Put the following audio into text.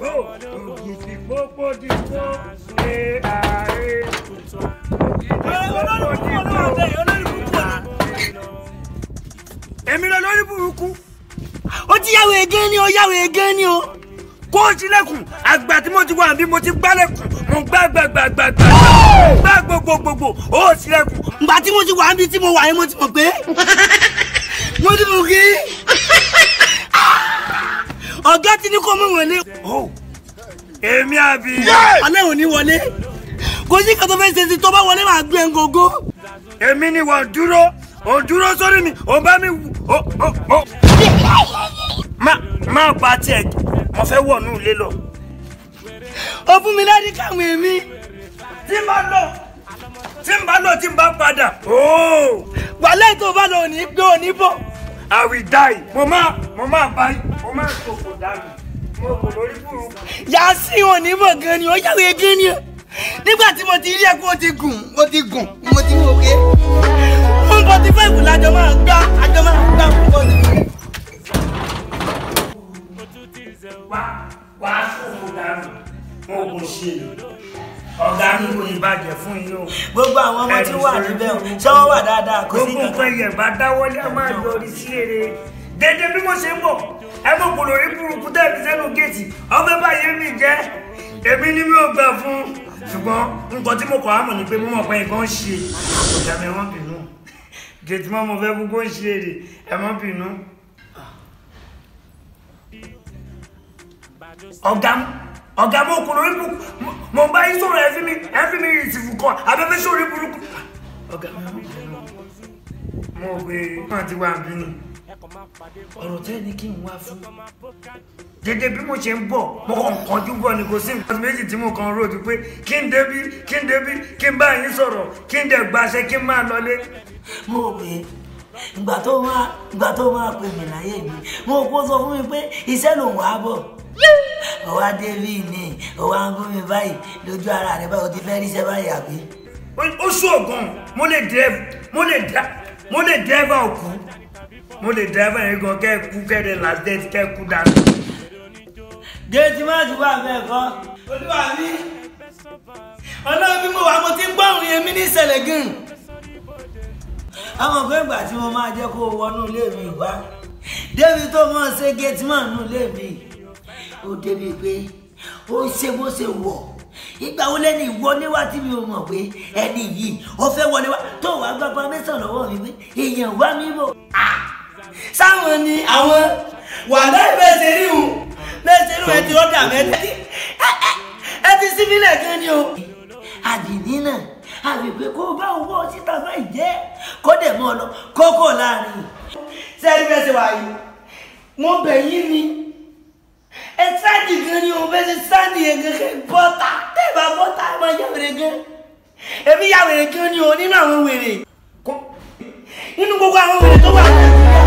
gbó ògùdì pópó di gbó ṣe ààrẹ ògùdì pópó di gbó. èmi lọ lórí burúkú ó ti yàwó egé ni ó yàwó egé ni ó kó o tilẹ̀kùn àgbà tí mo ti wà bí mo ti gbálẹ̀kùn mo gbá gbàgbàgbàgbà gbá gbogbogbò ó tilẹ̀kùn. ìgbà tí mo ti wà níbi tí mo wà yẹn mo ti mọ̀ pé mo ti mọ̀ kí wọlé. èmi àbí. alẹ́ òní wọlé kò sí kàtó fẹ́ ṣe sí tó bá wọlé máa gbé ngogo. èmi ni wọ́n dúró ò dúró sórí mi ò bá mi ò ò ò. má má bá tiẹ̀ mo fẹ́ wọ̀nú ilé lọ. ó fún mi láti kàwé mi. tí n bá lọ tí n bá lọ tí n bá padà. wàhálà tó bá lọ ò ní gbé ò ní bọ̀. I will die mo máa mo máa bá mo máa sòkò dànù. Yasin onímọ̀ gan ni ó yàwé gan ni nígbà tí mo ti rí ẹ o ti gùn mo ti gùn mo ti wò pé one forty five lájọ máa gbá àjọ máa gbá one forty five. wá wá dànù wọn ṣe ọ̀gá mi kò fún yín o. gbogbo àwọn ọmọ tí wà níbẹ̀ ṣé wà dáadáa kò sí kankan. gbogbo nǹkan bá dáwọ́lé a máa yọrí sí èrè dédé bí mo ṣe ń bọ̀ ẹnu kòlò rí burúkú tẹ̀lé sẹ́nu géètì ọmọ báyé mi jẹ́ èmi ni mi ò gbà fún ṣùgbọ́n nǹkan tí mo kọ̀ á mọ̀ ni pé mo mọ̀ pé nǹkan ṣe ìjà mi wọ́n bínú géètì mọ́ mo fẹ́ gbogbo ń ṣe èrè ẹ̀ mọ́ bínú. ọ̀gá ọ̀gá mo kò lórí burúkú mo bá yín sọ̀rọ̀ ẹ fi mi ẹ fi mi ìsìnkú kan abẹ́fẹ́ sórí burúkú. ọ̀gá mo bẹ̀rẹ̀ mo wọ́n ti wá bínú ọ̀rọ̀ tẹ́ ni kí n wá fún dédé bí mo ṣe ń bọ̀ mo kàn kánjú bọ̀ ni kò sí nǹkan méjì tí mo kàn rò ju pé kí n débí kí n débí kí n bá yín sọ̀rọ̀ kí n dẹ̀ gbàṣẹ kí n máa lọlé. mo rò pé ìgbà tó máa ìgbà tó máa pè mí láyé mi mo kó sọ fún mi pé iṣẹ́ lòun wá bọ̀ ọwá débí ni ọwá ń gún mi báyìí lójú ara rẹ báyìí o ti fẹ́ ríṣẹ́ báyìí àbí. ó ṣù ọ̀gàn mo lè dẹ́ẹ̀bù mo lè dẹ́ẹ̀bù òkú mo lè dẹ́fẹ̀ yín gan kẹ́ ẹ kú kẹ́ẹ̀dẹ̀ last date kẹ́ ẹ kú dànù. géètì má ti wà bẹ́ẹ̀ kọ́ olúwa mi ọlọ́run bí mo wà mo ti ń gbọ́rùn yẹn mi ní ìṣẹ̀lẹ̀ gírùn. àwọn ọ̀gbẹ́ ìgbà tí mo máa jẹ́ kó o wọnú ilé mi wá débi tó mọ̀ ṣe géètì má nù ilé mi ó débi pé ó ṣe bó ṣe wọ̀ ìgbà wo lẹ́ni ìwọ níwá mi ò mọ̀ pé ẹni yìí ó fẹ́ wọlé wá tó wàá gbàgbọ́ mẹ́sàn-án mi pé èèyàn wá mi bò. sáwọn ni àwọn wà ìbẹ̀sẹ̀ rí hùn bẹ́sẹ̀ rí ti rọ́dà ẹ ti gan ni o. àdìní náà àgbègbè kó o bá owó síta báyìí jẹ́ kó dẹ̀ mọ́ ọ lọ kókó láàrin. wà yìí mo bẹ̀ ni ẹ sáàdì gan ni o sáàdì yẹn gan kẹ́ bọ́tà bọ́tà máa yàwèrè gan èmi yàwèrè gan ni o